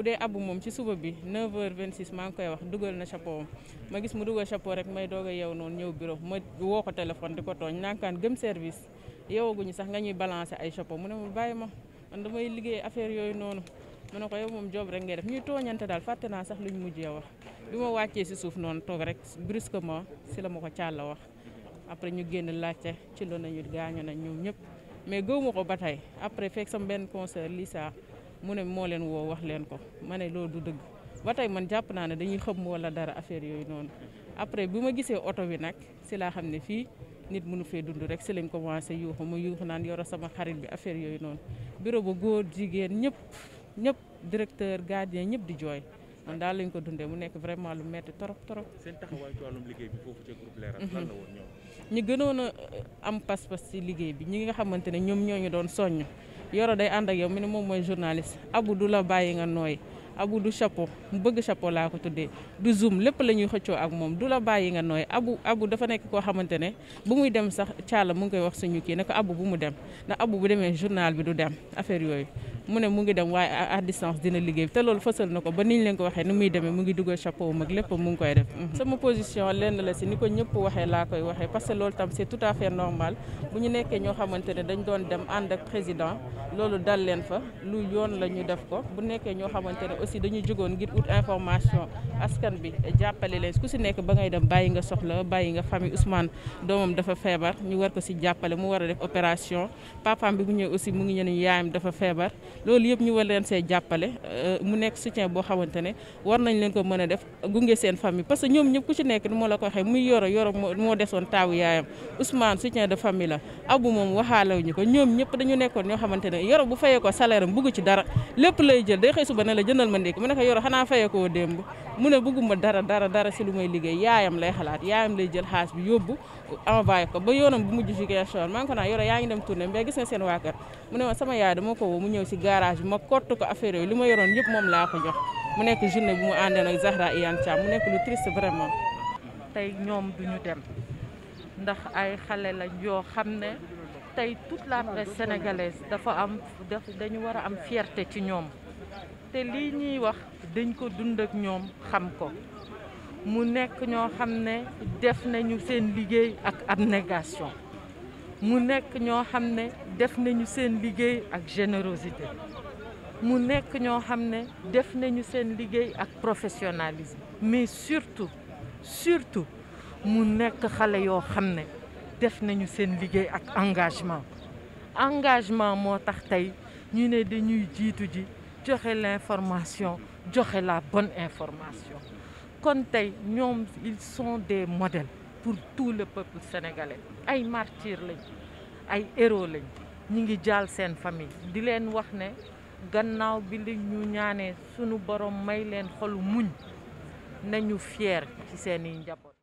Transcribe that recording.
bu dee abu moom ci suba bi 9h26 maa ngi koy wax dugal na chapeau ma gis mu dugal chapeau rek may doog a yeew noonu ñëw bureau ma woo ko téléphone di ko tooñ nankaan gëm service yeewaguñu sax nga ñuy balancer ay chapeau mu ne ma bàyyi ma man damay liggéey affaire yooyu noonu mu ne ko yow moom job rek ngay def ñuy tooñante daal fàtte naa sax luñ mujjee wax bi ma wàccee si suuf noonu toog rek brusquement si la ma ko càlla wax après ñu génn laajte ci loolu nañu gaañu nañ ñoom ñëpp mais gëw ko ba tey après fekk sama benn concert lii sax mu ne moo leen woo wax leen ko ma ne loolu du dëgg ba tey man jàpp naa ne dañuy xëm wala dara affaire yooyu noonu après bi ma gisee oto bi nag si laa xam ne fii nit mënu fee dund rek si lañ commencé yuuxu ma yuuxu naan yoro sama xarit bi affaire yooyu noonu bureau ba góor jigéen ñëpp ñëpp directeur gardien ñëpp di jooy man daal lañ ko dundee mu nekk vraiment lu metti trop trop. seen taxawaay liggéey bi foofu ci groupe Leral lan ñu gënoon a am pas-pas si liggéey bi ñi nga xamante ne ñoom ñoo ñu doon soññ. yoro day ànd ak yow mu ne moom mooy journaliste abu du la bàyyi nga nooy abu du chapeau mu bëgg chapeau laa ko tuddee du zoom lépp la ñuy xëccoo ak moom du la bàyyi nga nooy abu abu dafa nekk koo xamante ne bu muy dem sax caala mu ngi koy wax suñu kii ne ko abu bu mu dem ndax abu bu demee journal bi du dem affaire yooyu mu ne mu ngi dem waaye à distance dina liggéey te loolu fësal na ko ba niñ leen ko waxee ni muy demee mu ngi dugal chapeau mag lépp mu ngi koy def mhm. sama position lenn la si ni ko ñëpp waxee laa koy waxee parce que loolu tam c'est tout à fait normal bu ñu nekkee ñoo xamante ne dañ doon dem ànd ak président loolu dal leen fa lu yoon la ñu def ko bu nekkee ñoo xamante ne aussi dañu jógoon ngir ut information askan bi jàppale leen ku si nekk ba ngay dem bàyyi nga soxla bàyyi nga famille Ousmane doomam dafa feebar ñu war ko si jàppale mu war a def opération papaam bi bu ñëwee aussi mu ngi ñeneen yaayam dafa feebar loolu yëpp ñu war leen see jàppale euh, mu nekk soutien boo xamante ne war ñëpp ku ci nekk ni moo la ko waxee muy yoro yoro moo desoon taawu yaayam Ousmane soutien de famille la abu ñu ko ñoom la jëndal mu ne ko yoro bu mujj gis nga seen waa mu ne ma sama yaay dama ko woo mu ñëw si garage bi ma korte ko affaire yooyu li ma yoroon yëpp moom laa ko jox mu nekk journée bi mu àndee nag Zahra Iyane Thiam mu nekk lu triste vraiment. tey ñoom duñu dem ndax ay xale lañ yoo xam ne tey toute la presse dafa am daf dañu war a am fierté ci ñoom te lii ñuy wax dañ ko dund ak ñoom xam ko mu nekk ñoo xam ne def nañu seen liggéey ak négation mu nekk ñoo xam ne def nañu seen liggéey ak générosité mu nekk ñoo xam ne def nañu seen liggéey ak professionnalisme mais surtout surtout mu nekk xale yoo xam ne def nañu seen liggéey ak engagement engagement moo tax tey ñu ne dañuy jiitu ji joxe l'information joxe la bonne information kon tey ñoom ils sont des modèles pour tout le peuple sénégalais ay martyrs lañ ay héros lañ ñi ngi jaal seen famille di leen wax ne gannaaw bi li ñu ñaanee sunu borom may leen xolu muñ nañu fier ci seeni njaboot